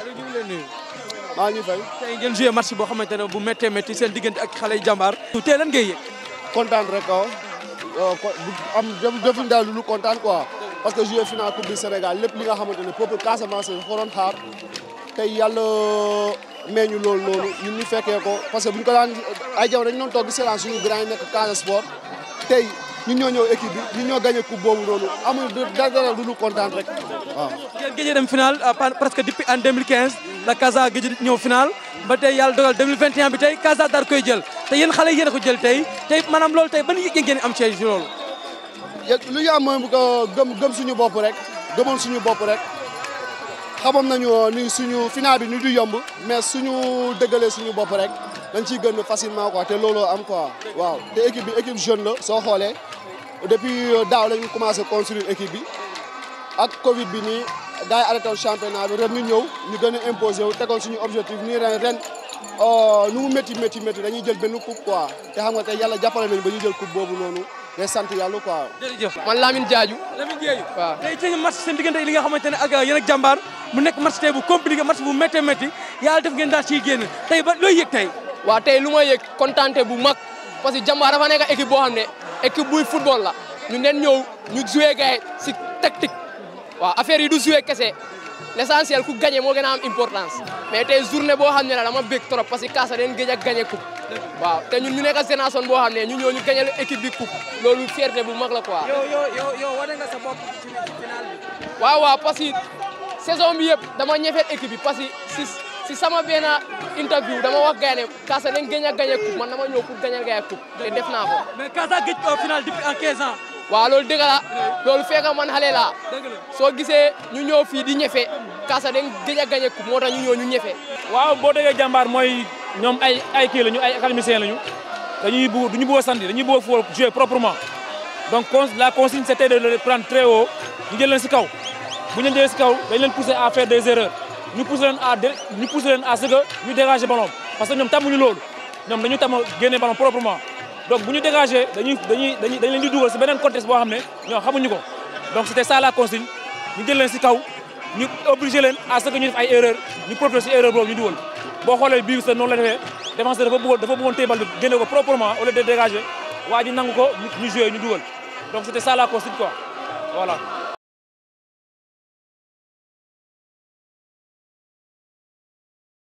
Aliou ñu ngi leen nuyu. maa ngi fay. tey ngeen joué match boo xamante ne bu méttee métti seen diggante ak xale yu jàmbaar. tey lan ngay yëg. kontaan rek ah. Euh, am defuñ daal lu kontaan quoi. parce que joué final coupe du Sénégal lépp li nga xamante ne peuple Casamance dafa ko doon xaar. tey yàlla euh, mee ñu loolu noonu ñun ñu fekkee ko parce que bu ñu ko daan ay jamono dañu doon toog di séance suñu grand yi nekk Casa Sport. tey ñun ñoo ñëw équipe bi ñun ñoo gagné coupe boobu noonu amul dara lu ñu kontaan rek waaw. ngeen gëj dem final euh, presque depuis en 2015 la Casa gëj ñëw final ba tey yàlla dogal 2021 bi tey Casa daal koy jël te yéen xale yéen a ko jël tey tey maanaam loolu tey ban yëg ngeen am ci loolu. lu ñu am mooy gëm gëm suñu bopp rek gëmoon suñu bopp rek. xamoon nañu ni suñu final bi ni du yomb mais suñu dëggalee suñu bopp rek dañ ciy gën facilement quoi te looloo am quoi waaw te équipe bi équipe jeune la soo xoolee depuis euh, daaw la ñu commencé construire équipe bi ak Covid bi nii gars yi arrêté championnat bi ren ñu ñëw ñu gën a imposé wu tegoon suñu objectif nii ren ren oh, nu mu métti métti métti dañuy jël benn coupe quoi te xam nga tey yàlla jàppale nañu ba ñu jël coupe boobu noonu. mais sant yàlla quoi. jërëjëf man Lamine Diadio. Lamine Diadio waaw. tey ci match seen diggante li nga xamante ne ak euh, yéen ak mu nekk match tey bu compliqué match bu méttee métti yàlla def ngeen daal ciy génn tey ba looy yëg tey. waaw tey lu may yëg kontaante bu mag parce que jàmbaar dafa ne équipe boo xam ne équipe buy football ñu leen ñëw ñu joué gars yi si tactique waaw affaire yi du joué kese. l' essentiel ku gagné moo gën a am importance mais tey journée boo xam ne la dama bég trop parce que kaasa den géej a gagné coupe waaw te ñun ñu nekk génération boo xam ne ñu ñoo ñu gagné la équipe bi loolu fierté bu mag la quoi. yow sa bopp waaw waaw parce que saison bi yëpp dama ñefeet équipe bi parce que si si sama benn interview dama wax gars yi ne kaasa den géej a gagné coupe man dama ñëw pour gagné gars yi te def naa ko. mais kaasa géej au final waaw loolu dëgg la loolu fekk man xale soo gisee ñu ñëw fii di ñefe kaasa dañ gëj a gañe coupe moo tax ñu ñëw ñu ñefe waaw boo déggee jàmbaar mooy ñoom ay ay kii lañu ay académicien lañu dañuy bëgg duñu bëgg a sandi dañuy bëgg a jouer proprement donc la consigne c'était de le prendre très haut ñu jël leen si kaw bu ñu leen jëlee si kaw dañ leen pousser à des erreurs ñu pousser leen à ñu pousser leen à que ñu dégager ballon parce que ñoom tàmmuñu loolu ñoom dañu tàmm génne ballon proprement donc bu ñu dégagé dañuy dañuy dañuy dañ leen di dugal si beneen contexte boo xam ne ñoo xamuñu ko donc la consigne ñu jël leen si kaw ñu obligé leen à ce ay erreur ñu protéger si erreur boobu ñu dugal boo xoolee bii sa noonu la defee dafa bëggoon dafa bëggoon téye bi génne ko proprement au de dégager waa ji nangu ko ñu joué ñu dugal donc c' était ça la consigne quoi voilà